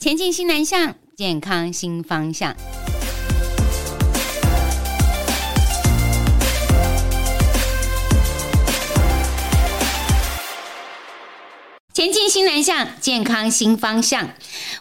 前進新南向，健康新方向。前進新南向，健康新方向。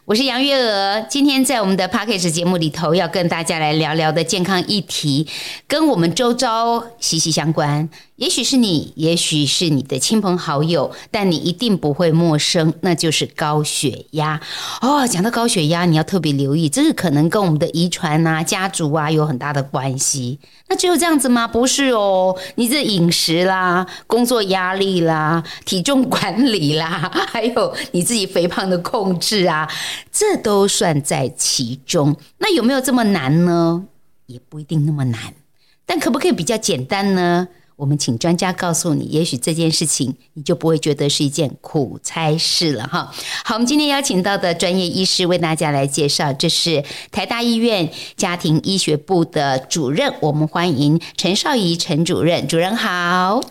我是楊月娥，今天在我們的 podcast 節目裡頭，要跟大家來聊聊的健康議題，跟我們週遭息息相關。也許是你，也許是你的親朋好友，但你一定不會陌生，那就是高血壓哦。講到高血壓，你要特別留意，這個可能跟我們的遺傳啊、家族啊有很大的關係。那只有這樣子嗎？不是哦，你這飲食啦、工作壓力啦、體重管理啦，還有你自己肥胖的控制啊，這都算在其中。那有沒有這麼難呢？也不一定那麼難，但可不可以比較簡單呢？我們請專家告訴你，也許這件事情你就不會覺得是一件苦差事了哈。好，我們今天邀請到的專業醫師為大家來介紹，這是台大醫院家庭醫學部的主任，我們歡迎程劭儀程主任。主任好。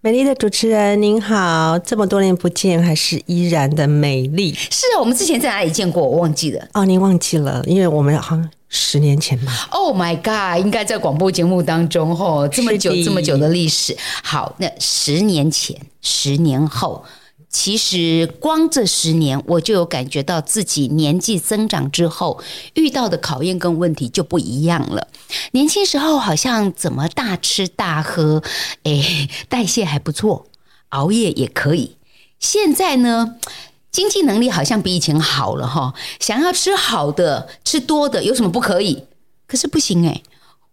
美麗的主持人您好，這麼多年不見，還是依然的美麗。是啊，我們之前在哪裡見過？我忘記了哦。您忘記了？因為我們好像。十年前吧，Oh my God！應該在廣播節目當中齁，這麼久這麼久的歷史。好，那十年前、十年後，其實光這十年，我就有感覺到自己年紀增長之後遇到的考驗跟問題就不一樣了。年輕時候好像怎麼大吃大喝，哎、欸，代謝還不錯，熬夜也可以。現在呢？經濟能力好像比以前好了哈，想要吃好的、吃多的有什麼不可以？可是不行哎、欸，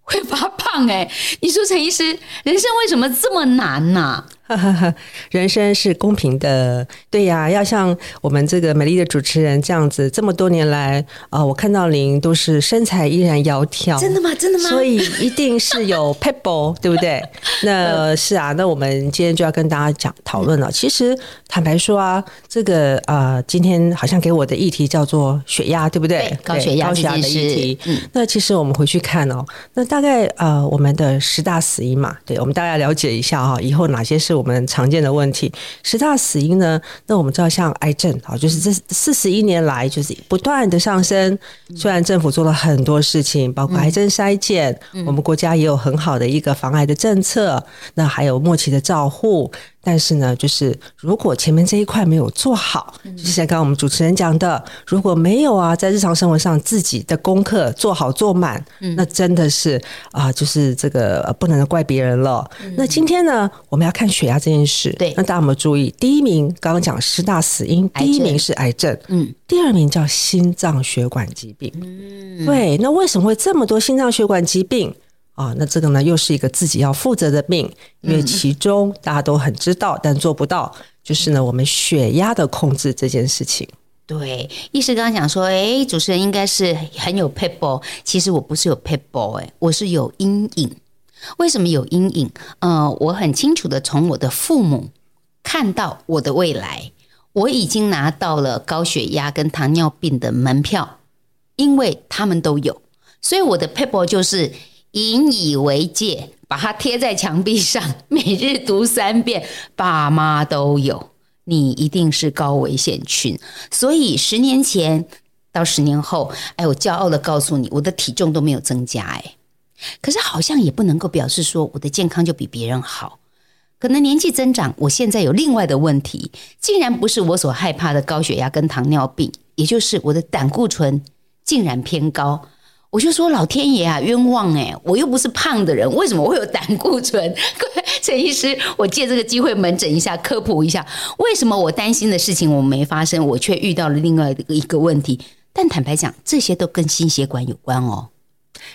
會發胖哎、欸！你說程醫師，人生為什麼這麼難呢、啊？哈哈，人生是公平的，對呀、啊，要像我們這個美麗的主持人這樣子，這麼多年來啊、呃，我看到您都是身材依然窈窕，真的嗎？真的嗎？所以一定是有撇步， 對不對？那是啊，那我們今天就要跟大家講討論了。其實坦白說啊，這個啊、呃，今天好像給我的議題叫做血壓，對不對？對對高血壓對高血壓的議題、嗯。那其實我們回去看哦，那大概啊、呃，我們的十大死因嘛，對我們大概了解一下哈、哦，以後哪些是我。我們常見的問題，十大死因呢？那我們知道像癌症啊，就是這四十一年來就是不斷的上升。雖然政府做了很多事情，包括癌症篩檢、嗯，我們國家也有很好的一個防癌的政策，那還有末期的照護。但是呢，就是如果前面這一塊沒有做好，就是像剛剛我們主持人講的，如果沒有啊，在日常生活上自己的功課做好做滿，那真的是啊、呃，就是這個不能怪別人了。那今天呢，我們要看血壓這件事。對，那大家有沒有注意？第一名剛剛講十大死因，第一名是癌症。嗯。第二名叫心臟血管疾病。嗯。對，那為什麼會這麼多心臟血管疾病？啊、哦，那這個呢，又是一個自己要負責的病，因為其中大家都很知道、嗯，但做不到，就是呢，我們血壓的控制這件事情。對，醫師剛剛講說，哎、欸，主持人應該是很有撇步，其實我不是有撇步，、欸、我是有陰影。為什麼有陰影？呃，我很清楚的從我的父母看到我的未來，我已經拿到了高血壓跟糖尿病的門票，因為他們都有，所以我的撇步就是。引以為戒，把它貼在牆壁上，每日讀三遍。爸媽都有，你一定是高危險群。所以十年前到十年後，哎，我驕傲地告訴你，我的體重都沒有增加。哎，可是好像也不能夠表示說我的健康就比別人好。可能年紀增長，我現在有另外的問題，竟然不是我所害怕的高血壓跟糖尿病，也就是我的膽固醇竟然偏高。我就說老天爺啊，冤枉哎、欸！我又不是胖的人，為什麼我會有膽固醇？程醫師，我借這個機會門診一下，科普一下，為什麼我擔心的事情我沒發生，我却遇到了另外一個問題。但坦白講，這些都跟心血管有關哦。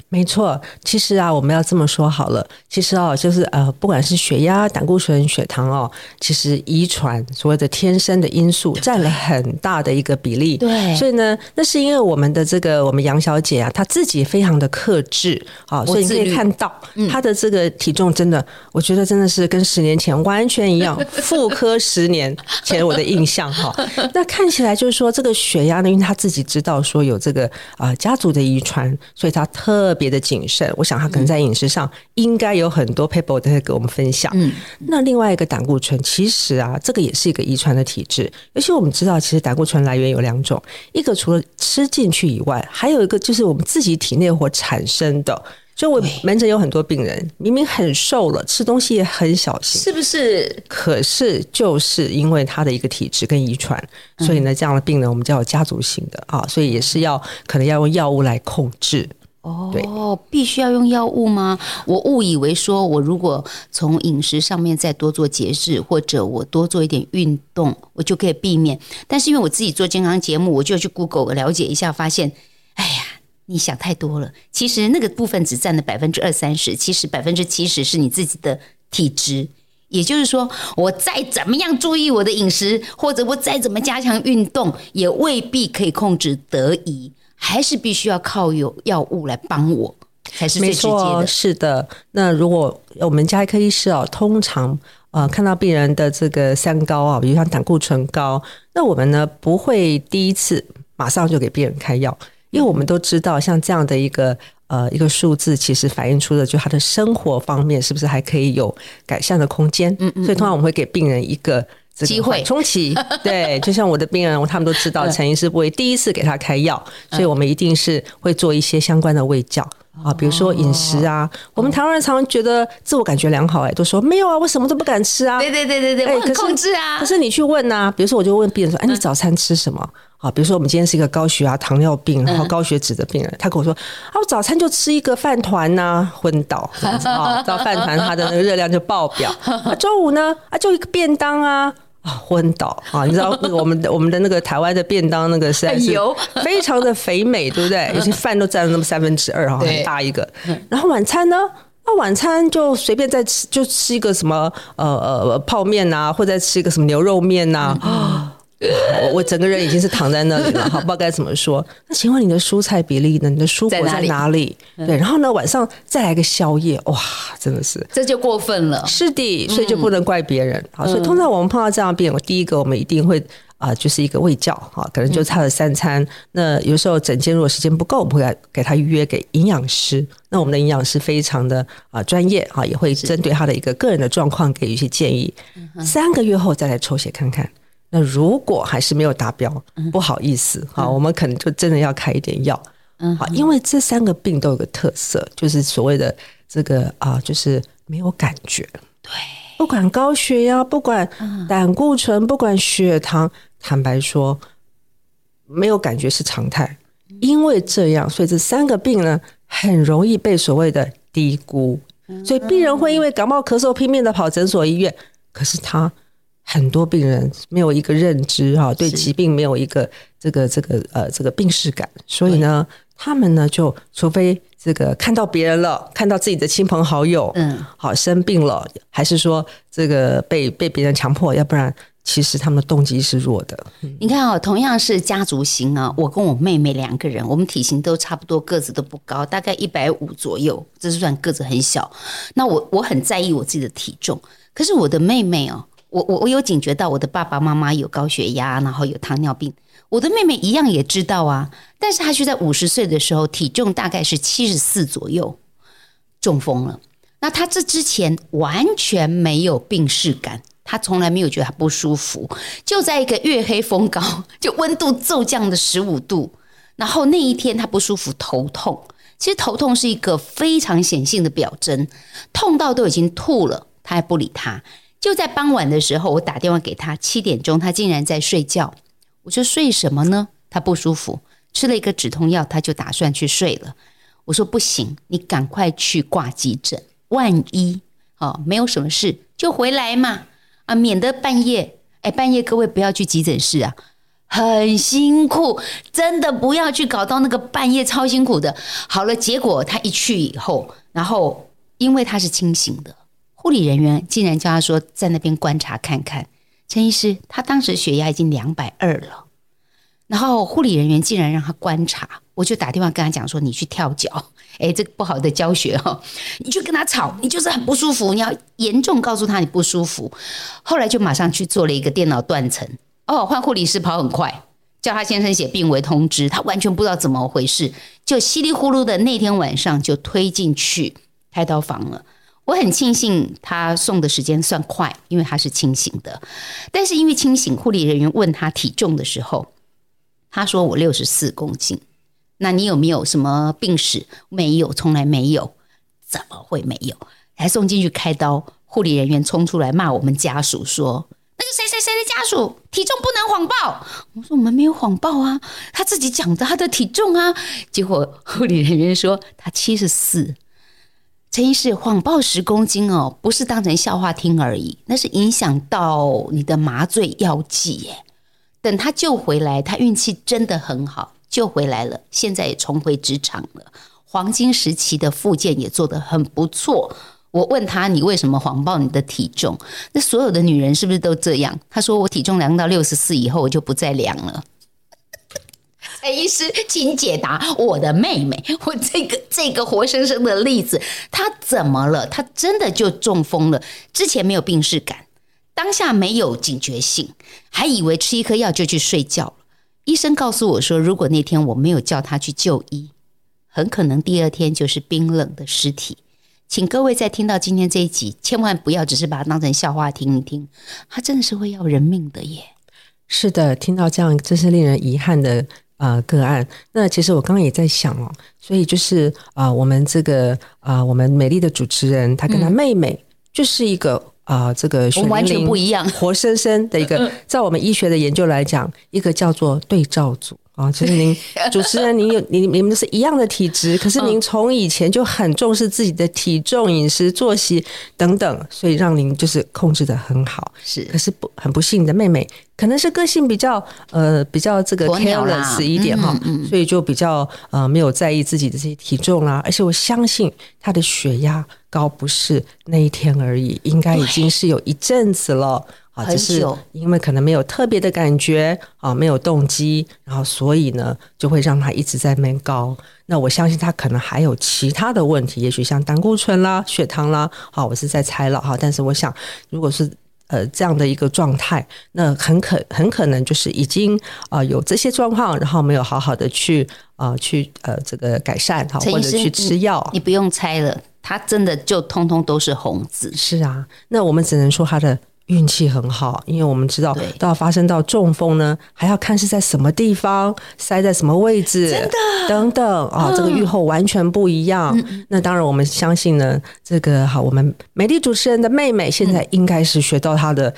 沒錯，其實啊，我們要這麼說好了。其實哦、啊，就是呃，不管是血壓、膽固醇、血糖哦，其實遺傳所謂的天生的因素佔了很大的一個比例。對，所以呢，那是因為我們的這個我們楊小姐啊，她自己非常的克制啊，所以你可以看到、嗯、她的這個體重真的，我覺得真的是跟十年前完全一樣。復刻十年前我的印象哈， 那看起來就是說這個血壓呢，因為她自己知道說有這個啊、呃、家族的遺傳，所以她，特別的謹慎，我想他可能在飲食上應該有很多撇步在給我們分享。嗯，那另外一個膽固醇，其實啊，這個也是一個遺傳的體質。尤其我們知道，其實膽固醇來源有兩種，一個除了吃進去以外，還有一個就是我們自己體內會產生的。就我門診有很多病人明明很瘦了，吃東西也很小心，是不是？可是就是因為他的一個體質跟遺傳，所以呢，這樣的病人我們叫有家族性的、嗯、啊，所以也是要可能要用藥物來控制。哦，必須要用藥物嗎？我誤以為說，我如果從飲食上面再多做節制，或者我多做一點運動，我就可以避免。但是因為我自己做健康節目，我就要去 Google 了解一下，發現，哎呀，你想太多了。其實那個部分只占了百分之二三十，其實百分之七十是你自己的體質。也就是說，我再怎麼樣注意我的飲食，或者我再怎麼加強運動，也未必可以控制得宜。還是必須要靠有藥物來幫我，才是最直接的。沒錯，是的，那如果我們家醫科醫師啊，通常呃看到病人的這個三高啊，比如像膽固醇高，那我們呢不會第一次馬上就給病人開藥，因為我們都知道像這樣的一個呃一個數字，其實反映出的就他的生活方面是不是還可以有改善的空間。嗯嗯，嗯，所以通常我們會給病人一個。機、這個、會重啟，對，就像我的病人，他們都知道陳醫師不會第一次給他開藥，所以我們一定是會做一些相關的衛教啊，比如說飲食啊。我們台灣人常常覺得自我感覺良好，哎，都說沒有啊，我什麼都不敢吃啊，對對對對對，我控制啊。可是你去問啊，比如說我就問病人說，哎，你早餐吃什麼？啊，比如說我們今天是一個高血壓、糖尿病，然後高血脂的病人，他跟我說，啊，我早餐就吃一個飯糰吶，昏倒啊，到飯糰他的那個熱量就爆表。啊，週五呢，啊，就一個便當啊。昏、啊、倒啊！你知道，我們 我們的那個台灣的便當，那個實在是非常的肥美，對不對？ 有些飯都占了那麼三分之二啊，很大一個。然後晚餐呢？那、啊、晚餐就隨便再吃，就吃一個什麼呃呃泡面吶、啊，或者再吃一個什麼牛肉面吶、啊。 我我整個人已經是躺在那裡了，好，不知道該怎麼說。那 請問你的蔬菜比例呢？你的蔬果在哪裡？哪裡對，然後呢，晚上再來個宵夜，哇，真的是這就過分了。是的，所以就不能怪別人、嗯。好，所以通常我們碰到這樣病，我第一個我們一定會啊、呃，就是一個衛教啊，可能就差了三餐、嗯。那有時候診間如果時間不夠，我們會來給他預約給營養師。那我們的營養師非常的啊專、呃、業啊，也會針對他的一個個人的狀況給予一些建議。三個月後再來抽血看看。那如果還是沒有達標，不好意思哈、嗯，好，我們可能就真的要開一點藥、嗯。好，因為這三個病都有個特色，就是所謂的這個啊，就是沒有感覺。對，不管高血壓，不管膽固醇，不管血糖、嗯，坦白說，沒有感覺是常態。因為這樣，所以這三個病呢，很容易被所謂的低估。所以病人會因為感冒咳嗽拼命的跑診所、醫院、嗯，可是他。很多病人沒有一個認知哈，對疾病沒有一個這個這個呃這個病識感，所以呢，他們呢就除非這個看到別人了，看到自己的親朋好友，嗯，好生病了，還是說這個被被別人強迫，要不然其實他們的動機是弱的。嗯，你看啊，哦，同樣是家族型啊，我跟我妹妹兩個人，我們體型都差不多，個子都不高，大概一百五左右，這是算個子很小。那我我很在意我自己的體重，可是我的妹妹哦。我我我有警覺到我的爸爸媽媽有高血壓，然後有糖尿病。我的妹妹一樣也知道啊，但是她卻在五十歲的時候，體重大概是七十四左右，中風了。那她這之前完全沒有病識感，她從來沒有覺得她不舒服。就在一個月黑風高，就溫度驟降的十五度，然後那一天她不舒服，頭痛。其實頭痛是一個非常顯性的表徵，痛到都已經吐了，她還不理他。就在傍晚的時候，我打電話給他，七點鐘，他竟然在睡覺。我說睡什麼呢？他不舒服，吃了一個止痛藥，他就打算去睡了。我說不行，你趕快去掛急診，萬一哦沒有什麼事就回來嘛啊，免得半夜哎，半夜各位不要去急診室啊，很辛苦，真的不要去搞到那個半夜超辛苦的。好了，結果他一去以後，然後因為他是清醒的。護理人員竟然叫他說在那邊觀察看看，程醫師，他當時血壓已經兩百二了，然後護理人員竟然讓他觀察，我就打電話跟他講說，你去跳腳，哎、欸，這個不好的教學哦，你去跟他吵，你就是很不舒服，你要嚴重告訴他你不舒服，後來就馬上去做了一個電腦斷層，哦，換護理師跑很快，叫他先生寫病危通知，他完全不知道怎麼回事，就稀里糊塗的那天晚上就推進去開刀房了。我很慶幸他送的時間算快，因為他是清醒的。但是因為清醒，護理人員問他體重的時候，他說我六十四公斤。那你有沒有什麼病史？沒有，從來沒有。怎麼會沒有？還送進去開刀，護理人員衝出來罵我們家屬說：“那個誰誰誰的家屬體重不能謊報。”我說我們沒有謊報啊，他自己講的他的體重啊。結果護理人員說他七十四。陳醫師謊報十公斤哦，不是當成笑話聽而已，那是影響到你的麻醉藥劑耶。等他救回來，他運氣真的很好，救回來了，現在也重回職場了。黃金時期的復健也做得很不錯。我問他，你為什麼謊報你的體重？那所有的女人是不是都這樣？他說，我體重量到六十四以後，我就不再量了。醫師，請解答我的妹妹，我這個這個活生生的例子，她怎麼了？她真的就中風了。之前沒有病識感，當下沒有警覺性，還以為吃一顆藥就去睡覺了。醫生告訴我說，如果那天我沒有叫她去就醫，很可能第二天就是冰冷的屍體。請各位在聽到今天這一集，千萬不要只是把它當成笑話聽一聽，它真的是會要人命的耶！是的，聽到這樣真是令人遺憾的。呃，個案。那其實我剛剛也在想哦，所以就是啊、呃，我們這個啊、呃，我們美麗的主持人她跟她妹妹就是一個啊、嗯呃，這個選擇完全不一樣，活生生的一個，在我， 我們醫學的研究來講，一個叫做對照組。哦， 就是您主持人，您有 你您們是一樣的體質，可是您從以前就很重視自己的體重、飲食、作息等等，所以讓您就是控制得很好。是，可是不很不幸的妹妹，可能是個性比較呃比較這個 careless 一點哈、嗯嗯嗯，所以就比較呃沒有在意自己的這些體重啦、啊。而且我相信她的血壓高不是那一天而已，應該已經是有一陣子了。 啊，就是因為可能沒有特別的感覺啊，沒有動機，然後所以呢，就會讓他一直在悶高。那我相信他可能還有其他的問題，也許像膽固醇啦、血糖啦，好，我是在猜了哈。但是我想，如果是呃這樣的一個狀態，那很可很可能就是已經啊、呃、有這些狀況，然後沒有好好的去啊、呃、去呃這個改善哈，或者去吃藥。你不用猜了，他真的就通通都是紅字。是啊，那我們只能說他的。運氣很好，因為我們知道，到發生到中風呢，還要看是在什麼地方，塞在什麼位置，真的等等啊、嗯哦，這個預後完全不一樣。嗯、那當然，我們相信呢，這個好，我們美麗主持人的妹妹現在應該是學到她的。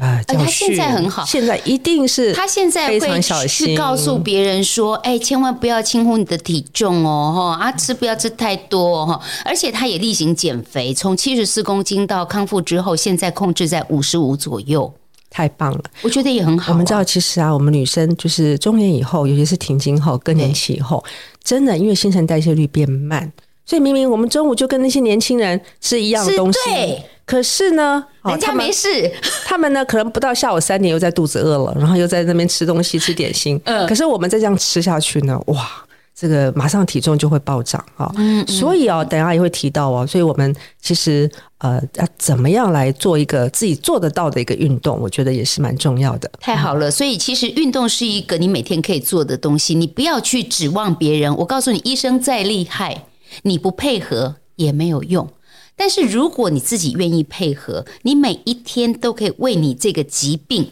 啊，他現在很好，現在一定是他現在非常小心，是告訴別人說，哎、欸，千萬不要輕忽你的體重哦，哈啊，吃不要吃太多哈、哦，而且他也例行減肥，從七十四公斤到康復之後，現在控制在五十五左右，太棒了，我覺得也很好、啊。我們知道，其實啊，我們女生就是中年以後，尤其是停經後、更年期以後，真的因為新陳代謝率變慢。所以明明我們中午就跟那些年輕人吃一樣東西，是對。可是呢，人家他沒事，他們呢可能不到下午三點又在肚子餓了，然後又在那邊吃東西吃點心。嗯，可是我們再這樣吃下去呢，哇，這個馬上體重就會暴漲。嗯，嗯，所以啊、哦，等下也會提到哦，所以我們其實呃，要怎麼樣來做一個自己做得到的一個運動，我覺得也是蠻重要的。太好了，嗯，所以其實運動是一個你每天可以做的東西，你不要去指望別人。我告訴你，醫生再厲害。你不配合也沒有用，但是如果你自己願意配合，你每一天都可以為你這個疾病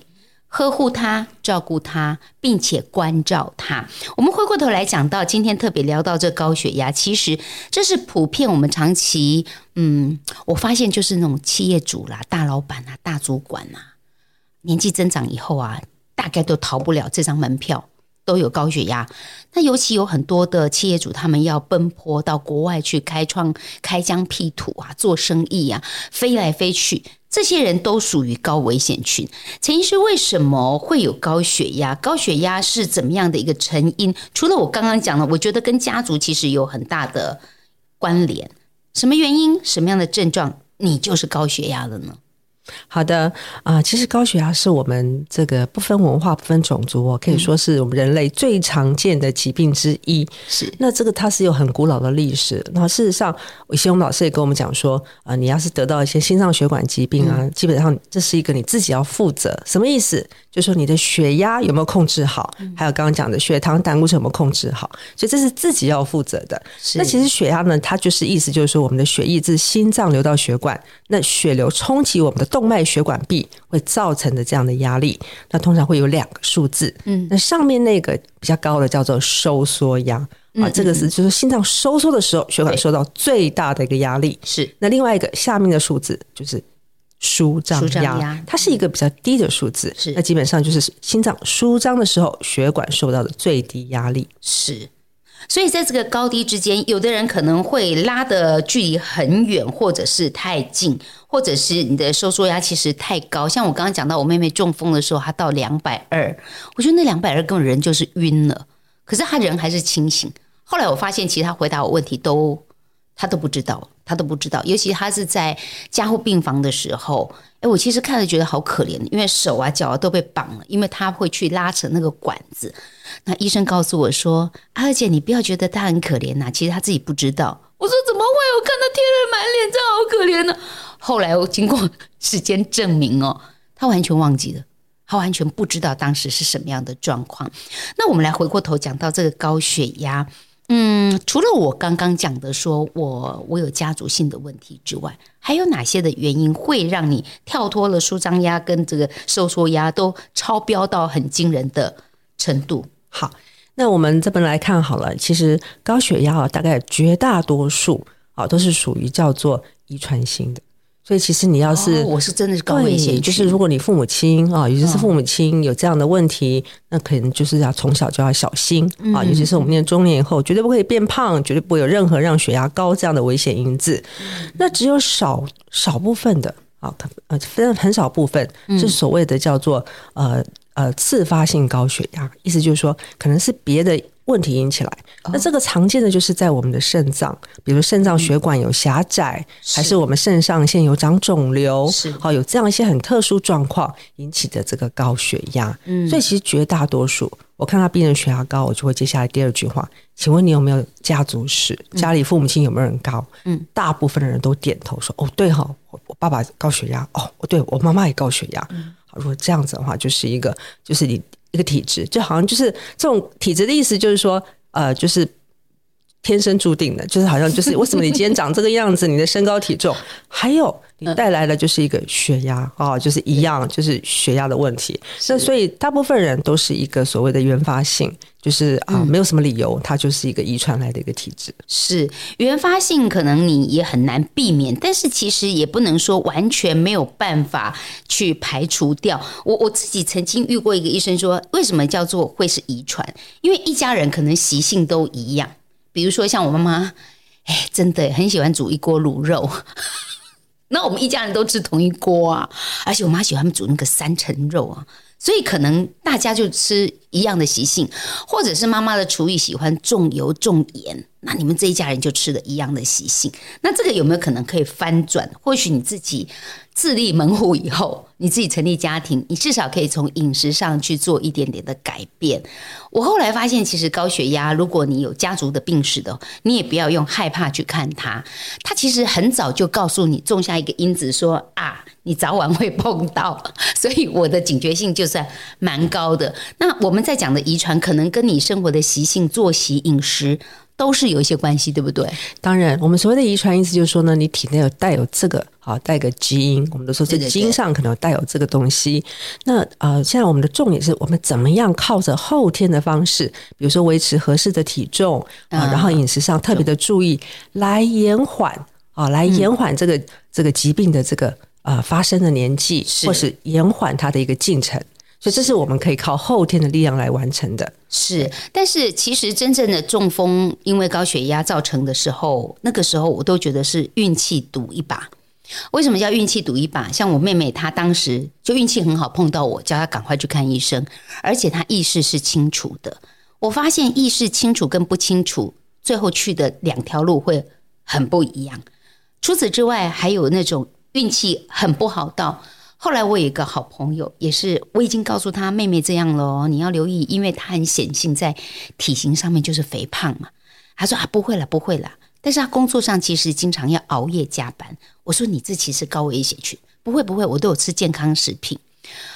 呵護它、照顧它，並且關照它。我們回過頭來講到今天特別聊到這高血壓，其實這是普遍我們長期，嗯，我發現就是那種企業主啦、大老板啦、啊，大主管啦、啊，年紀增長以後啊，大概都逃不了這張門票。都有高血壓，那尤其有很多的企業主，他們要奔波到國外去開創開疆闢土啊，做生意啊，飛來飛去，這些人都屬於高危險群。程醫師，為什麼會有高血壓？高血壓是怎麼樣的一個成因？除了我剛剛講了，我覺得跟家族其實有很大的關聯。什麼原因？什麼樣的症狀？你就是高血壓了呢？好的啊、呃，其實高血壓是我們這個不分文化、不分種族，哦，可以說是我們人類最常見的疾病之一。是、嗯、那這個它是有很古老的歷史。那事實上，以前我們老師也跟我們講說，啊、呃，你要是得到一些心臟血管疾病啊、嗯，基本上這是一個你自己要負責。什麼意思？就是說你的血壓有沒有控制好，嗯、還有剛剛講的血糖、膽固醇有沒有控制好，所以這是自己要負責的。是。那其實血壓呢，它就是意思就是說我們的血液是心臟流到血管，那血流衝擊我們的動脈血管壁會造成的這樣的壓力，那通常會有兩個數字，嗯，那上面那個比較高的叫做收縮壓，嗯、啊，這個是就是心臟收縮的時候血管受到最大的一個壓力，是。那另外一個下面的數字就是舒張壓，舒張壓，它是一個比較低的數字，是。那基本上就是心臟舒張的時候血管受到的最低壓力，是。所以在這個高低之間，有的人可能會拉的距離很遠，或者是太近，或者是你的收縮壓其實太高。像我剛剛講到我妹妹中風的時候，她到兩百二，我覺得那兩百二根本人就是暈了，可是她人還是清醒。後來我發現，其實她回答我問題都，她都不知道。他都不知道，尤其他是在加護病房的時候，誒，我其實看着覺得好可憐，因為手啊、腳啊都被綁了，因為他會去拉扯那個管子。那醫生告訴我說：“阿、啊、姐，而且你不要覺得他很可憐吶、啊，其實他自己不知道。”我說：“怎麼會有看到天人滿臉這樣好可憐呢、啊？”後來我經過時間證明哦，他完全忘記了，他完全不知道當時是什麼樣的狀況。那我們來回過頭講到這個高血壓。嗯，除了我剛剛講的說，說我我有家族性的問題之外，還有哪些的原因會讓你跳脫了舒張壓跟這個收縮壓都超標到很驚人的程度？好，那我們這邊來看好了，其實高血壓大概絕大多數啊都是屬於叫做遺傳性的。所以其實你要是，哦、我是真的是高危險群，就是如果你父母親啊，尤其是父母親有這樣的問題，嗯、那可能就是要從小就要小心啊。尤其是我們念中年以後，絕對不可以變胖，絕對不會有任何讓血壓高這樣的危險因子。嗯、那只有少少部分的啊，呃，分很少部分是所謂的叫做呃呃次發性高血壓，意思就是說可能是別的。問題引起來，那這個常見的就是在我們的腎臟、哦，比如腎臟血管有狹窄、嗯，還是我們腎上腺有長腫瘤，是好、哦、有這樣一些很特殊狀況引起的這個高血壓。嗯，所以其實絕大多數，我看到病人血壓高，我就會接下來第二句話，請問你有沒有家族史？嗯、家裡父母親有沒有人高？嗯，大部分的人都點頭說，哦，對哈、哦，我爸爸高血壓，哦，對，我媽媽也高血壓。嗯，好，如果這樣子的話，就是一個，就是你。一個體質，就好像就是這種體質的意思，就是說，呃，就是。天生注定的，就是好像就是為什麼你今天長這個樣子， 你的身高體重，還有你帶來的就是一個血壓、嗯、啊，就是一樣，就是血壓的問題。那所以大部分人都是一個所謂的原發性，就是啊，沒有什麼理由，嗯、它就是一個遺傳來的一個體質。是原發性，可能你也很難避免，但是其實也不能說完全沒有辦法去排除掉。我我自己曾經遇過一個醫生說，為什麼叫做會是遺傳？因為一家人可能習性都一樣。比如說像我媽媽，哎，真的很喜歡煮一鍋滷肉，那我們一家人都吃同一鍋啊。而且我媽喜歡煮那個三層肉啊，所以可能大家就吃一樣的習性，或者是媽媽的廚藝喜歡重油重鹽，那你們這一家人就吃了一樣的習性。那這個有沒有可能可以翻轉？或許你自己。自立門戶以後，你自己成立家庭，你至少可以從飲食上去做一點點的改變。我後來發現，其實高血壓，如果你有家族的病史的，你也不要用害怕去看它。它其實很早就告訴你種下一個因子，說啊，你早晚會碰到。所以我的警覺性就算蠻高的。那我們在講的遺傳，可能跟你生活的習性、作息、飲食。都是有一些關係，對不對？當然，我們所謂的遺傳意思就是說呢，你體內有帶有這個啊，帶個基因，我們都說這基因上可能帶有這個東西。對對對。那呃，現在我們的重點是，我們怎麼樣靠着後天的方式，比如說維持合適的體重啊、呃嗯，然後飲食上特別的注意，來延緩啊、呃，來延緩這個這個疾病的這個啊、呃、發生的年紀，或是延緩它的一個進程。所以這是我們可以靠後天的力量來完成的。是，但是其實真正的中風因為高血壓造成的時候，那個時候我都覺得是運氣賭一把。為什麼叫運氣賭一把？像我妹妹，她當時就運氣很好，碰到我，叫她趕快去看醫生，而且她意識是清楚的。我發現意識清楚跟不清楚，最後去的兩條路會很不一樣。除此之外，還有那種運氣很不好到。後來我有一個好朋友，也是我已經告訴他妹妹這樣了。你要留意，因為他很顯性在體型上面就是肥胖嘛。他說啊，不會了，不會了。但是他工作上其實經常要熬夜加班。我說你這其實高危險區，不會不會，我都有吃健康食品。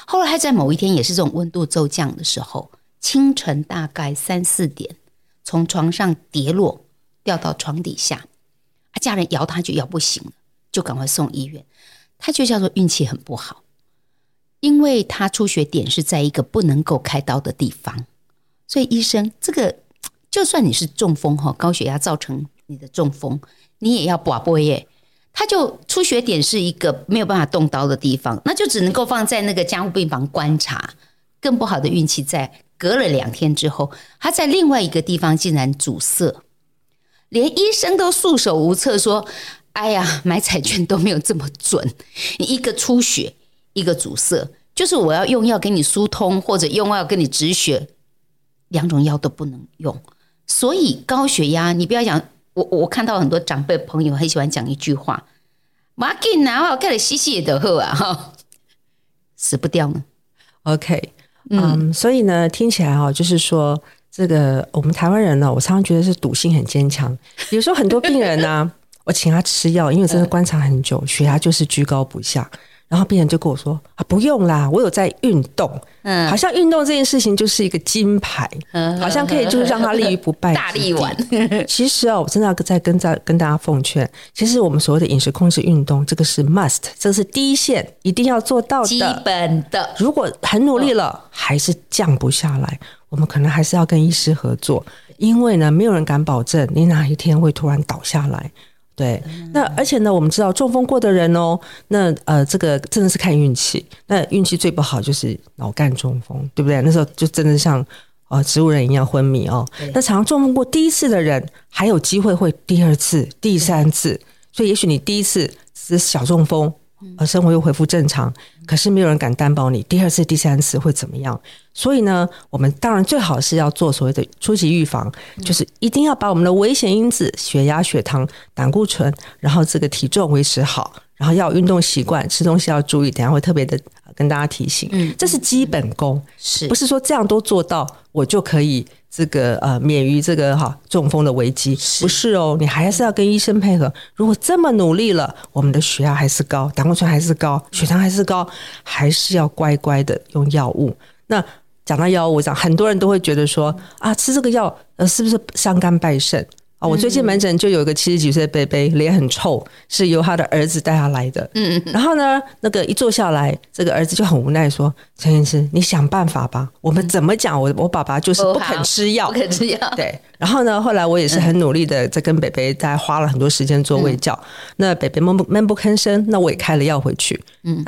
後來他在某一天也是這種溫度驟降的時候，清晨大概三四點，從床上跌落，掉到床底下，他家人搖他就搖不醒了，就趕快送醫院。他就叫做運氣很不好，因為他出血點是在一個不能夠開刀的地方，所以醫生這個就算你是中風哈，高血壓造成你的中風，你也要刮玻。他就出血點是一個沒有辦法動刀的地方，那就只能夠放在那個加護病房觀察。更不好的運氣，在隔了兩天之後，他在另外一個地方竟然阻塞，連醫生都束手無策，說。哎呀，買彩券都沒有這麼準。你一個出血，一個阻塞，就是我要用藥給你疏通，或者用藥給你止血，兩種藥都不能用。所以高血壓，你不要講我，我看到很多長輩朋友很喜歡講一句話：“啊、我給你拿我蓋來洗洗的喝啊哈，死不掉呢。” OK，、um, 嗯，所以呢，聽起來哈，就是說這個我們台灣人呢，我常常覺得是賭性很堅強。比如說很多病人呢、啊。 我請他吃藥，因為我真的觀察很久，血、嗯、壓就是居高不下。然後病人就跟我說：“啊，不用啦，我有在運動，嗯，好像運動這件事情就是一個金牌，嗯，好像可以就是讓他立於不敗大力丸 其實啊，我真的要再跟在跟大家奉勸，其實我們所謂的飲食控制、運動，這個是 must，這是第一線，一定要做到的基本的。如果很努力了、哦、還是降不下來，我們可能還是要跟醫師合作，因為呢，沒有人敢保證你哪一天會突然倒下來。對，那而且呢，我們知道中風過的人哦，那呃，這個真的是看運氣。那運氣最不好就是腦幹中風，對不對？那時候就真的像呃植物人一樣昏迷哦。那常常中風過第一次的人，還有機會會第二次、第三次。所以也許你第一次是小中風。而生活又恢復正常，可是沒有人敢擔保你第二次、第三次會怎麼樣。所以呢，我們當然最好是要做所謂的初級預防、嗯，就是一定要把我們的危險因子——血壓、血糖、膽固醇，然後這個體重維持好，然後要運動習慣、嗯，吃東西要注意。等下會特別的跟大家提醒、嗯，這是基本功。是。不是說這樣都做到，我就可以？這個呃，免於這個哈、啊、中風的危機，不是哦，你還是要跟醫生配合。如果這麼努力了，我們的血壓還是高，膽固醇還是高，血糖還是高，還是要乖乖的用藥物。那講到藥物，講很多人都會覺得說啊，吃這個藥呃，是不是傷肝敗腎？啊、哦，我最近門診就有個七十幾歲的伯伯，臉很臭，是由他的兒子帶他來的。嗯嗯，然後呢，那個一坐下來，這個兒子就很無奈說：“程醫師，你想辦法吧，我們怎麼講，嗯、我我爸爸就是不肯吃藥，哦、不肯吃藥。嗯”對，然後呢，後來我也是很努力的在跟伯伯在花了很多時間做衛教，嗯。那伯伯悶悶不吭聲，那我也開了藥回去。嗯。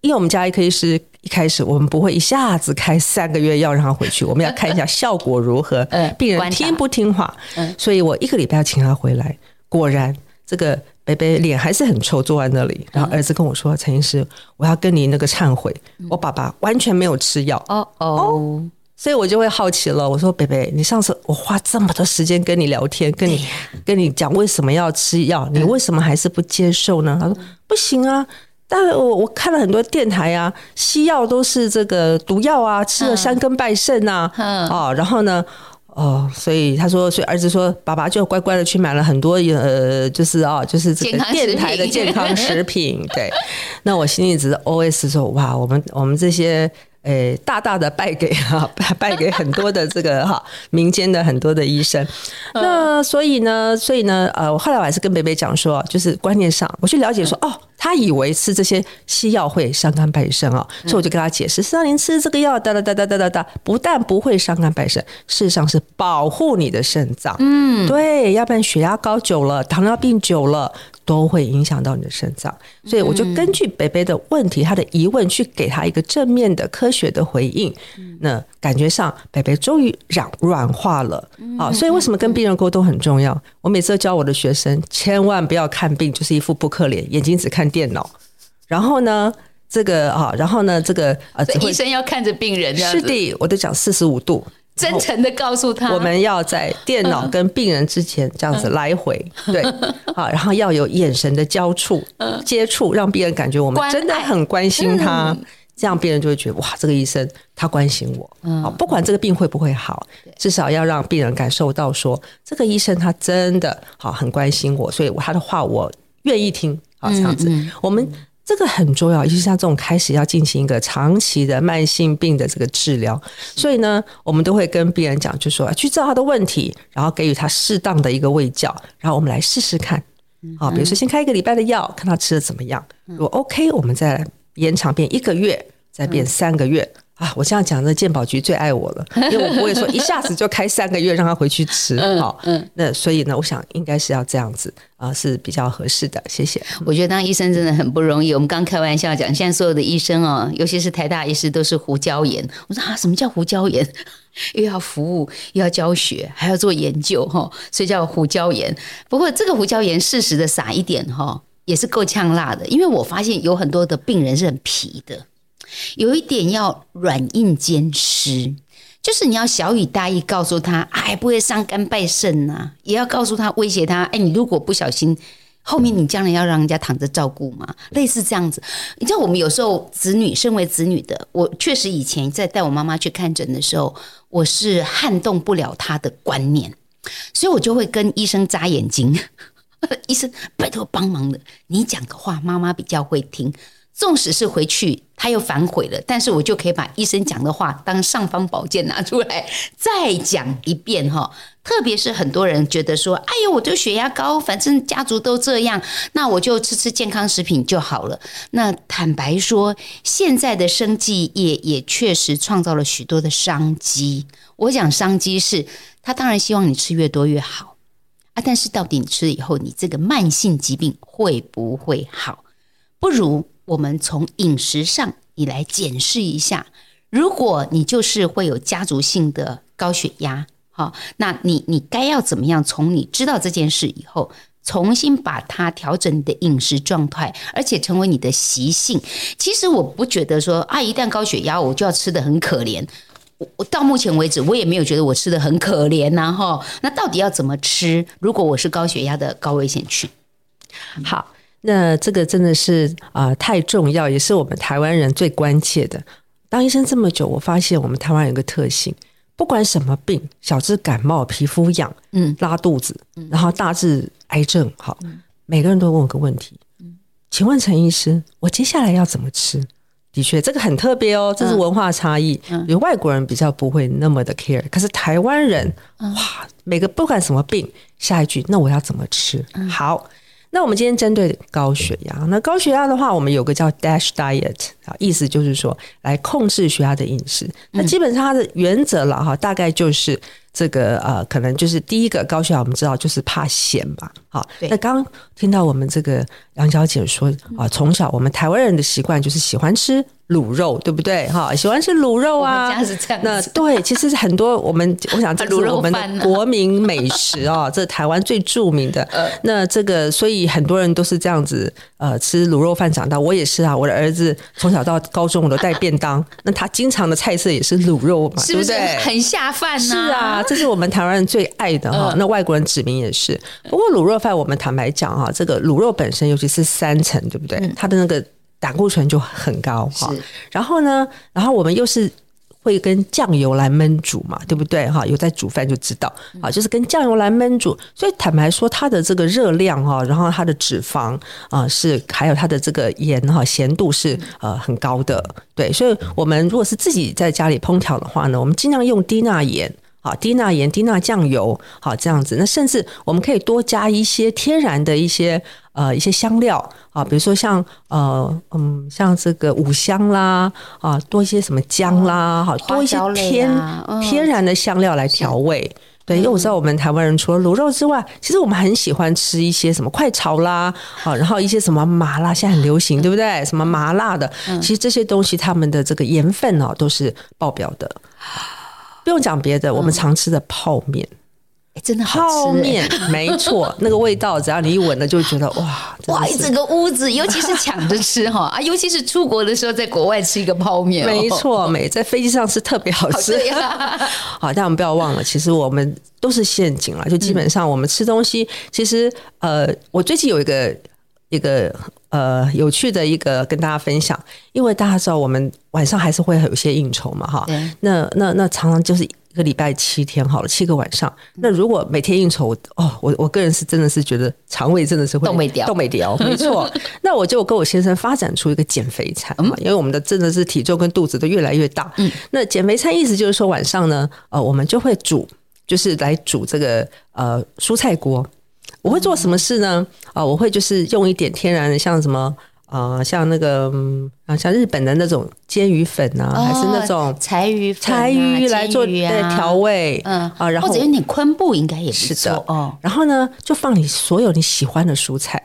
因為我們家一科醫師一開始，我們不會一下子開三個月藥讓他回去， 我們要看一下效果如何， 嗯、病人聽不聽話。嗯、所以，我一個禮拜要請他回來，嗯、果然這個北北臉還是很臭，坐在那裡。然後兒子跟我說：“程、嗯、醫師，我要跟你那個懺悔，我爸爸完全沒有吃藥。嗯”哦哦,哦，所以我就會好奇了。我說：“北北，你上次我花這麼多時間跟你聊天，跟你跟你講為什麼要吃藥，你為什麼還是不接受呢？”嗯、他說：“不行啊。”但是我我看了很多電台啊，西藥都是這個毒藥啊，吃了傷肝敗腎啊、嗯，哦，然後呢，哦所，所以他說，所以兒子說，爸爸就乖乖的去買了很多，呃，就是哦，就是這個電台的健康，健康食品，對，對 那我心裡只是 OS 說，哇，我們我們這些。誒，大大的敗給哈，敗敗給很多的這個哈 民間的很多的醫生。 那所以呢，所以呢，呃，我後來我還是跟北北講說，就是觀念上，我去了解說，哦，他以為吃這些西藥會傷肝敗腎啊，所以我就跟他解釋，是讓您吃這個藥噠噠噠噠噠噠噠，不但不會傷肝敗腎，事實上是保護你的腎臟。嗯，對，要不然血壓高久了，糖尿病久了。都會影響到你的腎臟，所以我就根據北北的問題，他的疑問去給他一個正面的科學的回應。那感覺上，北北終於軟軟化了啊！所以為什麼跟病人溝通很重要？我每次都教我的學生，千萬不要看病就是一副撲克臉，眼睛只看電腦。然後呢，這個啊，然後呢，這個啊，醫生要看着病人。是的，我都講四十五度。真誠地告訴他，我們要在電腦跟病人之前這樣子來回，嗯、對啊，然後要有眼神的交觸、嗯、接觸，讓病人感覺我們真的很關心他，嗯、這樣病人就會覺得哇，這個醫生他關心我，啊、嗯，不管這個病會不會好，至少要讓病人感受到說，這個醫生他真的好很關心我，所以他的話我願意聽啊，這樣子、嗯嗯、我們。這個很重要，尤其像這種開始要進行一個長期的慢性病的這個治療，所以呢，我們都會跟病人講，就說去照他的問題，然後給予他適當的一個衛教，然後我們來試試看，好、嗯啊，比如說先開一個禮拜的藥，看，看他吃的怎麼樣，如果 OK，我們再延長變一個月，再變三個月。嗯啊，我這樣講，呢，健保局最愛我了，因為我不會說一下子就開三個月讓他回去吃哈。 那所以呢，我想應該是要這樣子啊、呃，是比較合適的。謝謝。我覺得當醫生真的很不容易。我們剛開玩笑講，現在所有的醫生哦，尤其是台大醫師都是胡椒鹽。我說啊，什麼叫胡椒鹽？又要服務，又要教學，還要做研究哈、哦，所以叫胡椒鹽。不過這個胡椒鹽適時的撒一點哈，也是夠嗆辣的。因為我發現有很多的病人是很皮的。有一點要軟硬兼施，就是你要曉以大義告訴他，哎，不會傷肝敗腎吶，也要告訴他威脅他，哎，你如果不小心，後面你將來要讓人家躺着照顧嘛，類似這樣子。你知道我們有時候子女身為子女的，我確實以前在帶我媽媽去看診的時候，我是撼動不了她的觀念，所以我就會跟醫生眨眼睛， 醫生，拜托幫忙的。你講的話媽媽比較會聽。縱使是回去，他又反悔了。但是我就可以把醫生講的話當尚方寶劍拿出來，再講一遍哈、哦。特別是很多人覺得說：“哎呀，我這血壓高，反正家族都這樣，那我就吃吃健康食品就好了。”那坦白說，現在的生技業也確實創造了許多的商機。我講商機是，他當然希望你吃越多越好啊。但是到底你吃了以後，你這個慢性疾病會不會好？不如。我們從飲食上你來檢視一下，如果你就是會有家族性的高血壓，好，那你你該要怎麼樣？從你知道這件事以後，重新把它調整你的飲食狀態，而且成為你的習性。其實我不覺得說啊，一旦高血壓我就要吃得很可憐。我我到目前為止我也沒有覺得我吃得很可憐，然後、啊、哈。那到底要怎麼吃？如果我是高血壓的高危險群，好。那這個真的是啊、呃，太重要，也是我們台灣人最關切的。當醫生這麼久，我發現我們台灣有個特性，不管什麼病，小至感冒、皮膚癢，嗯，拉肚子，嗯、然後大至癌症，好、嗯，每個人都問我個問題，嗯，請問程醫師，我接下來要怎麼吃？的確，這個很特別哦，這是文化差異，有、嗯嗯、外國人比較不會那麼的 care，可是台灣人、嗯，哇，每個不管什麼病，下一句，那我要怎麼吃？好。那我們今天針對高血壓，那高血壓的話，我們有個叫 DASH diet 啊，意思就是說來控制血壓的飲食。那基本上它的原則了哈、嗯，大概就是這個呃，可能就是第一個高血壓，我們知道就是怕鹹吧，好、哦。那剛聽到我們這個楊小姐說啊、呃，從小我們台灣人的習慣就是喜歡吃。滷肉對不對？哈，喜歡吃滷肉啊。我們家是這樣的。那對，其實很多我們，我想這是肉、啊、我們國民美食啊、哦， 這台灣最著名的、呃。那這個，所以很多人都是這樣子，呃，吃滷肉飯長大。我也是啊，我的兒子從小到高中我都帶便當。 那他經常的菜色也是滷肉嘛，是不是？很下飯呢、啊。是啊，這是我們台灣人最愛的哈、哦呃。那外國人指名也是。不過滷肉飯，我們坦白講啊，這個滷肉本身，尤其是三層，對不對？嗯、它的那個。膽固醇就很高哈，然後呢，然後我們又是會跟醬油來燜煮嘛，對不對哈？有在煮飯就知道，啊，就是跟醬油來燜煮，所以坦白說，它的這個熱量哈，然後它的脂肪啊、呃、是，還有它的這個鹽哈鹹度是呃很高的，對，所以我們如果是自己在家裡烹調的話呢，我們儘量用低鈉鹽。好，低鈉鹽、低鈉醬油，好這樣子。那甚至我們可以多加一些天然的一些呃一些香料啊，比如說像呃嗯像這個五香啦啊，多一些什麼薑啦，好、嗯啊、多一些天、嗯、天然的香料來調味。對，因為我知道我們台灣人除了滷肉之外，其實我們很喜歡吃一些什麼快炒啦，好，然後一些什麼麻辣，現在很流行，對不對？什麼麻辣的，其實這些東西他們的這個鹽分哦都是爆表的。不用講別的，我們常吃的泡面、嗯，真的好吃、欸、泡面沒錯，那個味道， 只要你一聞了，就會覺得哇真哇一整、這個屋子，尤其是搶着吃哈啊， 尤其是出國的時候，在國外吃一個泡面、哦，沒錯，沒在飛機上是特別好吃。好，對啊， 好，但我們不要忘了，其實我們都是陷阱了，就基本上我們吃東西，嗯、其實呃，我最近有一個一個。呃，有趣的一個跟大家分享，因為大家知道我們晚上還是會有些應酬嘛，哈、嗯。那那那常常就是一個禮拜七天，好了，七個晚上、嗯。那如果每天應酬，哦，我我個人是真的是覺得腸胃真的是會。動沒掉。動沒掉，沒錯。 那我就跟我先生發展出一個減肥餐嘛、嗯，因為我們的真的是體重跟肚子都越來越大。嗯。那減肥餐意思就是說晚上呢，呃，我們就會煮，就是來煮這個呃蔬菜鍋。我會做什麼事呢、嗯？啊，我會就是用一點天然的，像什麼啊、呃，像那個啊、嗯，像日本的那種鰹魚粉啊、哦，還是那種柴魚粉、啊、柴魚來做調、啊、味。嗯啊，然後或者用點昆布應該也是的。哦，然後呢，就放你所有你喜歡的蔬菜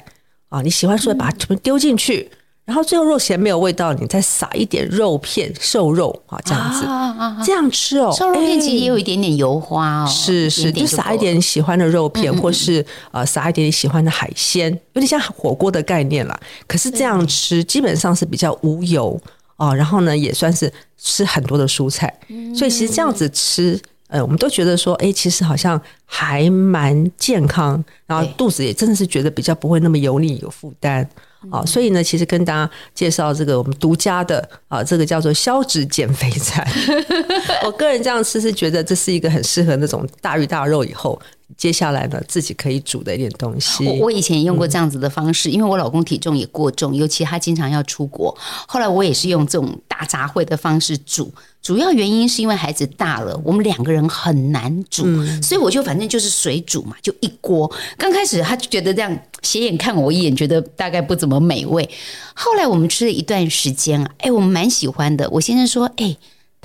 啊，你喜歡蔬菜，把它全部丟進去。嗯然後最後若嫌沒有味道，你再撒一點肉片，瘦肉啊，這樣子，啊，這樣吃哦。瘦肉片其實也有一點點油花哦，是是，一點點就夠了，就撒一點喜歡的肉片，嗯嗯，或是呃，撒一點你喜歡的海鮮嗯嗯，有點像火鍋的概念啦，可是這樣吃基本上是比較無油啊，然後呢也算是吃很多的蔬菜，嗯，所以其實這樣子吃，呃，我們都覺得說，誒、欸、其實好像還蠻健康，然後肚子也真的是覺得比較不會那麼油膩，有負擔。好，所以呢，其實跟大家介紹這個我們獨家的啊，這個叫做消脂減肥餐。 我個人這樣吃是覺得這是一個很適合那種大魚大肉以後。接下來的自己可以煮的一點東西。我我以前也用過這樣子的方式，嗯、因為我老公體重也過重，尤其他經常要出國。後來我也是用這種大雜燴的方式煮，主要原因是因為孩子大了，我們兩個人很難煮，嗯、所以我就反正就是水煮嘛，就一鍋。剛開始他就覺得這樣斜眼看我一眼，覺得大概不怎麼美味。後來我們吃了一段時間，哎、欸，我們蠻喜歡的。我先生說，哎、欸。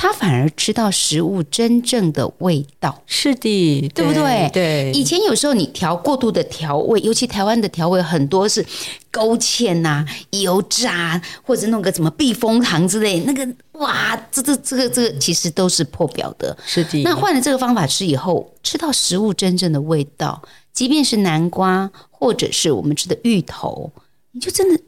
他反而吃到食物真正的味道，是的對，對不對？對。以前有時候你調過度的調味，尤其台灣的調味很多是勾芡吶、啊、油炸、啊、或者弄個什麼避風塘之類，那個哇，這這個、這個這個其實都是破表的。是的。那換了這個方法吃以後，吃到食物真正的味道，即便是南瓜或者是我們吃的芋頭，你就真的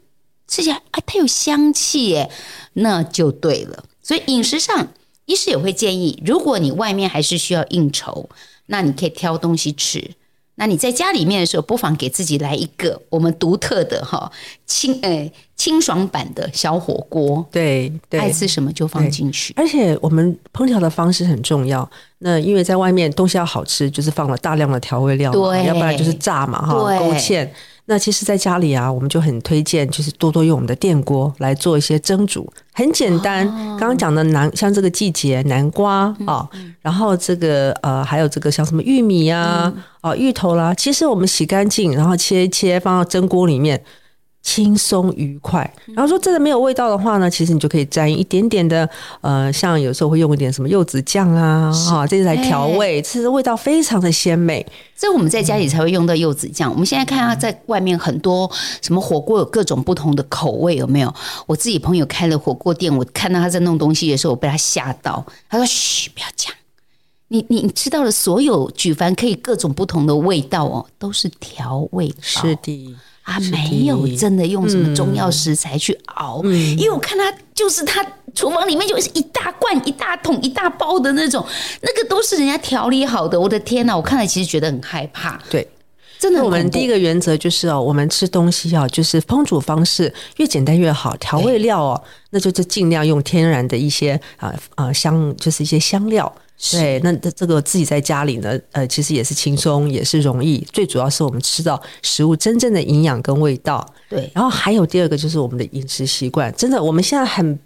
吃起來，哎，它有香氣誒，那就對了。所以飲食上。醫師也會建議，如果你外面還是需要應酬，那你可以挑東西吃。那你在家裡面的時候，不妨給自己來一個我們獨特的哈清誒、欸、清爽版的小火鍋。對，愛吃什麼就放進去。而且我們烹調的方式很重要。那因為在外面東西要好吃，就是放了大量的調味料。對，要不然就是炸嘛，哈，勾芡。那其實，在家裡啊，我們就很推薦，就是多多用我們的電鍋來做一些蒸煮，很簡單。剛剛講的南，像這個季節南瓜啊、哦嗯，然後這個呃，還有這個像什麼玉米呀、啊、嗯哦，芋頭啦，其實我們洗乾淨，然後切一切，放到蒸鍋裡面。輕鬆愉快，然後說這個沒有味道的話呢、嗯，其實你就可以沾一點點的，呃，像有時候會用一點什麼柚子醬啊，哈、啊，這是來調味，其、欸、實味道非常的鮮美。這我們在家裡才會用到柚子醬、嗯。我們現在看他，在外面很多什麼火鍋有各種不同的口味，有沒有？我自己朋友開了火鍋店，我看到他在弄東西的時候，我被他嚇到。他說：“噓，不要講。”你你你吃到了所有舉凡可以各種不同的味道哦，都是調味。是的。啊，沒有真的用什麼中藥食材去熬、嗯，因為我看他就是他廚房裡面就是一大罐、一大桶、一大包的那種，那個都是人家調理好的。我的天哪，我看了其實覺得很害怕。對，真的很，我們第一個原則就是哦，我們吃東西哦，就是烹煮方式越簡單越好，調味料哦，那就是盡量用天然的一些啊啊香，就是一些香料。對，那這個自己在家裡呢，呃，其實也是輕鬆，也是容易。最主要是我們吃到食物真正的營養跟味道。對，然後還有第二個就是我們的飲食習慣，真的我們現在很，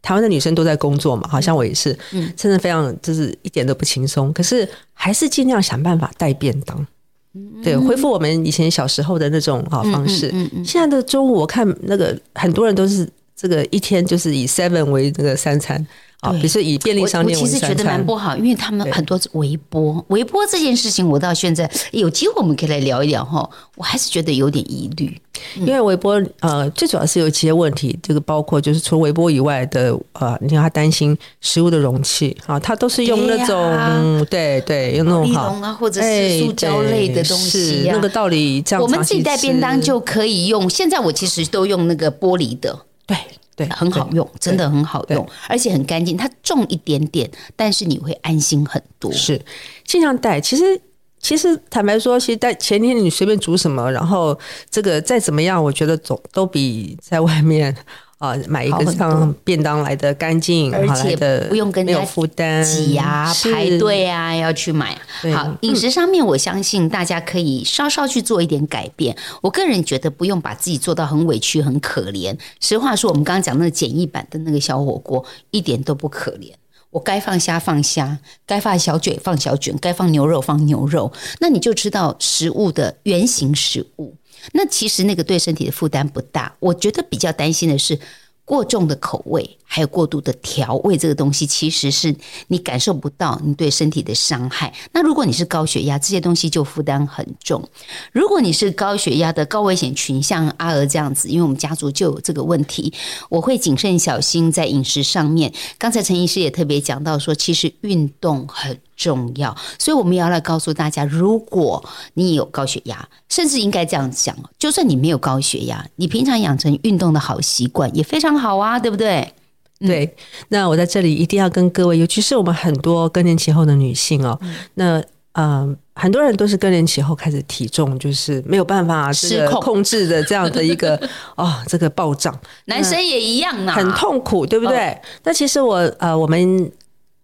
台灣的女生都在工作嘛，好像我也是，嗯，真的非常就是一點都不輕鬆，可是還是盡量想辦法帶便當，嗯，對，恢復我們以前小時候的那種好方式。嗯嗯嗯嗯。現在的中午我看那個很多人都是這個一天就是以 seven 為這個三餐。啊，就是以便利商店，我其實覺得蠻不好，因為他們很多是微波，微波這件事情，我到現在有機會我們可以來聊一聊哈。我還是覺得有點疑慮，嗯、因為微波呃，最主要是有一些問題，這個包括就是除微波以外的呃，你看他擔心食物的容器啊，他都是用那種，對、啊嗯、對，對，用那種。尼龍啊，或者是塑膠類的東西、啊、對對那個道理這樣。我們自己帶便當就可以用，現在我其實都用那個玻璃的，對。對， 很好用，真的很好用，而且很乾淨。它重一點點，但是你會安心很多。是，經常帶。其實，其實坦白說，其實帶前天你隨便煮什麼，然後這個再怎麼樣，我覺得總都比在外面。啊，買一個像便當來的乾淨，而且不用跟人沒有負擔擠啊、排隊啊，要去買。好，飲食上面我相信大家可以稍稍去做一點改變。嗯、我個人覺得不用把自己做到很委屈、很可憐。實話說，我們剛剛講那個簡易版的那個小火鍋，一點都不可憐。我該放蝦放蝦，該放小卷放小卷，該放牛肉放牛肉放牛肉，那你就知道食物的原型食物。那其實那個對身體的負擔不大，我覺得比較擔心的是過重的口味，還有過度的調味這個東西，其實是你感受不到你對身體的傷害。那如果你是高血壓，這些東西就負擔很重。如果你是高血壓的高危險群，像阿娥這樣子，因為我們家族就有這個問題，我會謹慎小心在飲食上面。剛才程醫師也特別講到說，其實運動很。重要，所以我們也要來告訴大家：如果你有高血壓，甚至應該這樣講，就算你沒有高血壓，你平常養成運動的好習慣也非常好啊，對不對？嗯、對，那我在這裡一定要跟各位，尤其是我們很多更年期後的女性哦，嗯那嗯、呃，很多人都是更年期後開始體重就是沒有辦法失控控制的這樣的一個啊、 哦，這個暴漲。男生也一樣啊，很痛苦，對不對？哦、那其實我呃，我們。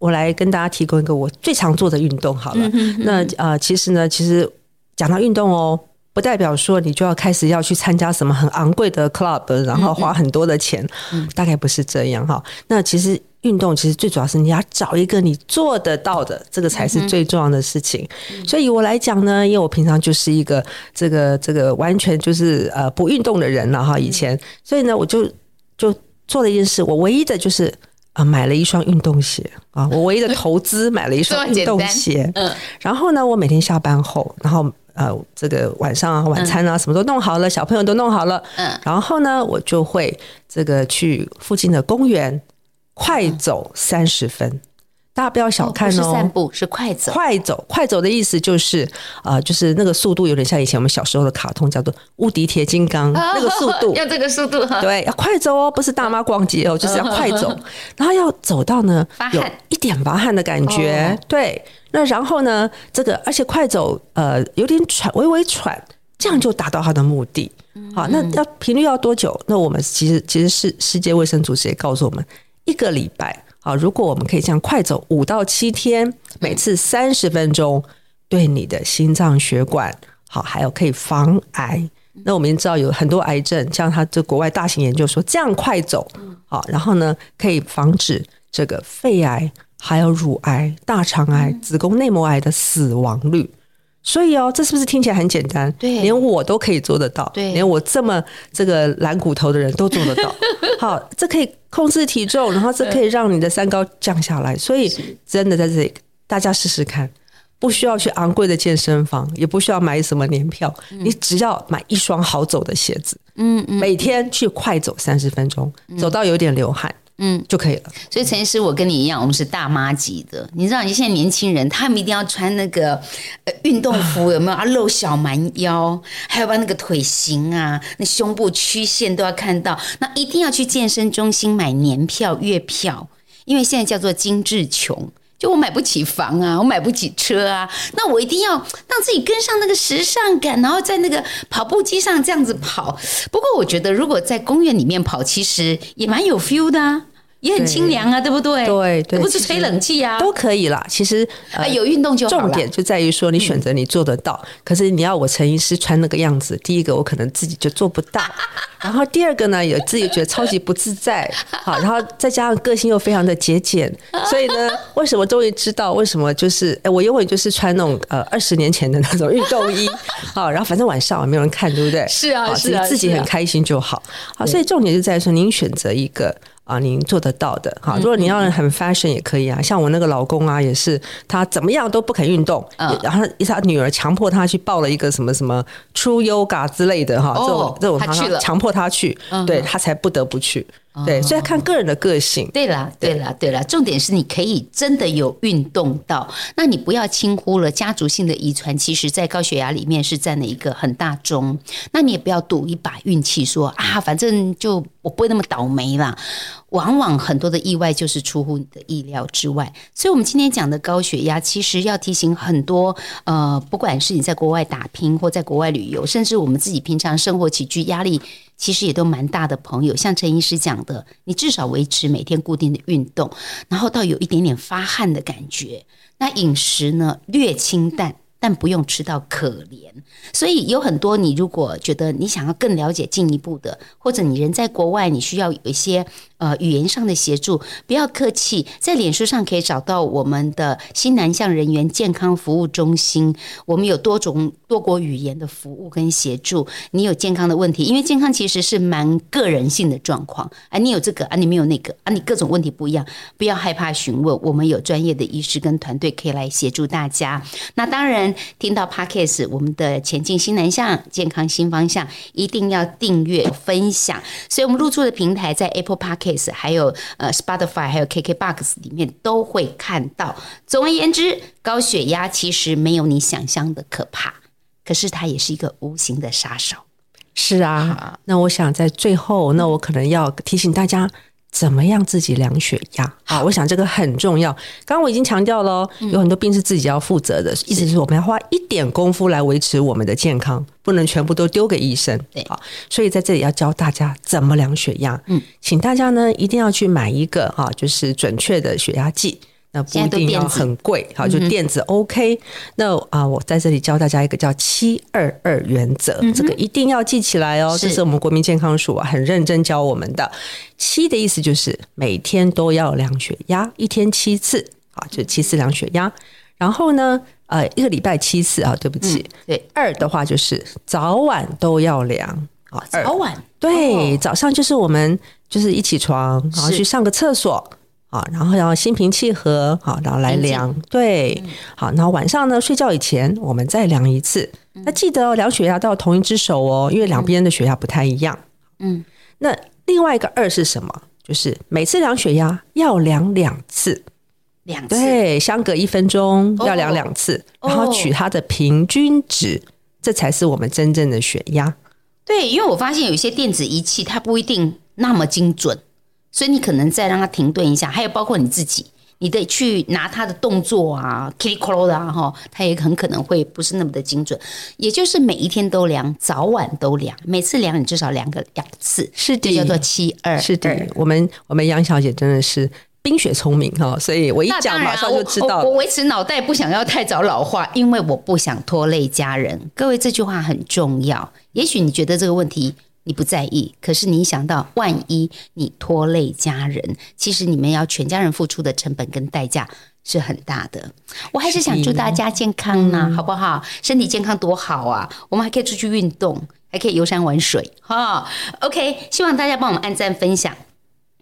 我來跟大家提供一個我最常做的運動好了、嗯哼哼，那呃，其實呢，其實講到運動哦，不代表說你就要開始要去參加什麼很昂貴的 club，然後花很多的錢，嗯、大概不是這樣哈、嗯。那其實運動其實最主要是你要找一個你做得到的，這個才是最重要的事情。嗯、所以，以，我來講呢，因為我平常就是一個這個這個完全就是呃不運動的人了哈，以前，嗯、所以呢，我就就做了一件事，我唯一的就是。啊，買了一雙運動鞋啊！我唯一的投資，買了一雙運動鞋。 嗯，然後呢，我每天下班後，然後呃，這個晚上啊，晚餐啊，什麼都弄好了，小朋友都弄好了。嗯，然後呢，我就會這個去附近的公園，快走三十分。嗯大家不要小看哦，哦不是散步，是快走。快走，快走的意思就是，呃，就是那個速度有點像以前我們小時候的卡通，叫做《無敵鐵金剛》哦那個速度，要這個速度，啊，對，要快走哦，不是大媽逛街哦，哦就是要快走，然後要走到呢，發汗有，一點發汗的感覺，哦，對，那然後呢，這個而且快走，呃，有點喘，微微喘，這樣就達到它的目的。好，嗯啊，那要頻率要多久？嗯，那我們其實其實是世界衛生組織也告訴我們，一個禮拜。好，如果我們可以這樣快走五到七天，每次三十分鐘，對你的心臟血管好，還有可以防癌。那我們也知道有很多癌症，像他這國外大型研究說，這樣快走，好，然後呢，可以防止這個肺癌，還有乳癌、大腸癌、子宮內膜癌的死亡率。所以哦，這是不是聽起來很簡單？對，連我都可以做得到。對，連我這麼這個懶骨頭的人都做得到。 好，這可以控制體重，然後這可以讓你的三高降下來。所以真的在這裡，大家試試看，不需要去昂貴的健身房，也不需要買什麼年票，嗯、你只要買一雙好走的鞋子，嗯嗯，嗯，每天去快走三十分鐘，走到有點流汗。嗯嗯嗯，就可以了。所以程醫師，我跟你一樣，我們是大媽級的。你知道，你現在年輕人他們一定要穿那個呃運動服，有沒有啊？露小蠻腰， 還有把那個腿型啊、那胸部曲線都要看到。那一定要去健身中心買年票、月票，因為現在叫做精致窮。我買不起房啊，我買不起車啊，那我一定要讓自己跟上那個時尚感，然後在那個跑步機上這樣子跑。不過我覺得，如果在公園裡面跑，其實也蠻有 feel 的啊。也很清涼啊，對，對不對？對，對，不是吹冷氣啊，都可以啦。其實啊、呃，有運動就好了。重點就在於說，你選擇你做得到。嗯、可是你要我程醫師穿那個樣子，第一個我可能自己就做不到， 然後第二個呢，也自己覺得超級不自在。 好，然後再加上個性又非常的節儉， 所以呢，為什麼終於知道為什麼就是哎，我永遠就是穿那種呃二十年前的那種運動衣。好， 然後反正晚上我沒有人看，對不對？是啊，是啊，自己，自己很開心就好。啊啊、好，所以重點就在於說，您選擇一個。啊，您做得到的哈！如果你要很 fashion 也可以啊，嗯嗯，像我那個老公啊，也是他怎麼樣都不肯運動，嗯，然後他女兒強迫他去報了一個什麼什麼 True Yoga 之類的哈，哦，這種這種他去了，強迫他去，哦，他去，對，他才不得不去。嗯嗯對，所以要看個人的個性、哦。對啦，對啦對，對啦，對啦。重點是你可以真的有運動到，那你不要輕忽了家族性的遺傳，其實在高血壓裡面是占了一個很大宗，那你也不要賭一把運氣說，說啊，反正就我不會那麼倒霉了。往往很多的意外就是出乎你的意料之外，所以，我們今天講的高血壓，其實要提醒很多呃，不管是你在國外打拼或在國外旅遊，甚至我們自己平常生活起居壓力其實也都蠻大的朋友，像程醫師講的，你至少維持每天固定的運動，然後到有一點點發汗的感覺，那飲食呢，略清淡。但不用吃到可憐，所以有很多你如果覺得你想要更了解進一步的，或者你人在國外，你需要有一些呃語言上的協助，不要客氣，在臉書上可以找到我們的新南向人員健康服務中心，我們有多種多國語言的服務跟協助。你有健康的問題，因為健康其實是蠻個人性的狀況，哎、啊，你有這個啊，你沒有那個啊，你各種問題不一樣，不要害怕詢問，我們有專業的醫師跟團隊可以來協助大家。那當然。聽到 podcast 我們的前進新南向，健康新方向，一定要訂閱分享。所以，我們入駐的平台在 Apple Podcast，還有呃 Spotify，還有 KK Box 裡面都會看到。總而言之，高血壓其實沒有你想象的可怕，可是它也是一個無形的殺手。是啊，那我想在最後，那我可能要提醒大家。怎麼樣自己量血壓？好、啊，我想這個很重要。剛剛我已經強調了、嗯，有很多病是自己要負責的，意思是我們要花一點功夫來維持我們的健康，不能全部都丟給醫生。對，好、啊，所以在這裡要教大家怎麼量血壓。嗯，請大家呢一定要去買一個哈、啊，就是準確的血壓計。那不一定要很貴，好，就電子 OK。嗯、那啊，我在這裡教大家一個叫722 “七二二”原則，這個一定要記起來哦。這是我們國民健康署啊，很認真教我們的。七的意思就是每天都要量血壓，一天七次，好，就七次量血壓。然後呢，呃，一個禮拜七次啊、哦，對不起。嗯、對二的話就是早晚都要量，好，早晚對、哦，早上就是我們就是一起床，然後去上個廁所。啊，然後要心平氣和，好，然後來量，對、嗯，好，然後晚上呢，睡覺以前我們再量一次，嗯、那記得、哦、量血壓到同一隻手哦，因為兩邊的血壓不太一樣。嗯，那另外一個二是什麼？就是每次量血壓要量兩次，兩次，對，相隔一分鐘要量兩次，哦、然後取它的平均值、哦，這才是我們真正的血壓。對，因為我發現有一些電子儀器它不一定那麼精準。所以你可能再讓它停頓一下，還有包括你自己，你得去拿它的動作啊 click、close 啊，哈，它也很可能會不是那麼的精準。也就是每一天都量，早晚都量，每次量你至少量個兩次，是的，叫做七二。是的，我們我們楊小姐真的是冰雪聰明哈，所以我一講馬上就知道、啊我。我維持腦袋不想要太早老化，因為我不想拖累家人。各位這句話很重要，也許你覺得這個問題。你不在意，可是你想到萬一你拖累家人，其實你們要全家人付出的成本跟代價是很大的。我還是想祝大家健康、啊、呢，好不好？身體健康多好啊！我們還可以出去運動，還可以游山玩水，哈、oh，。OK，希望大家幫我們按讚、分享，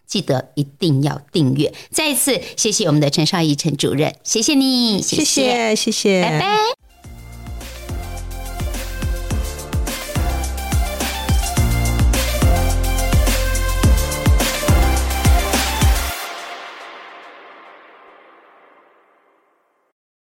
記得一定要訂閱。再一次謝謝我們的程劭儀程主任，謝謝你，謝謝，謝謝，謝謝拜拜。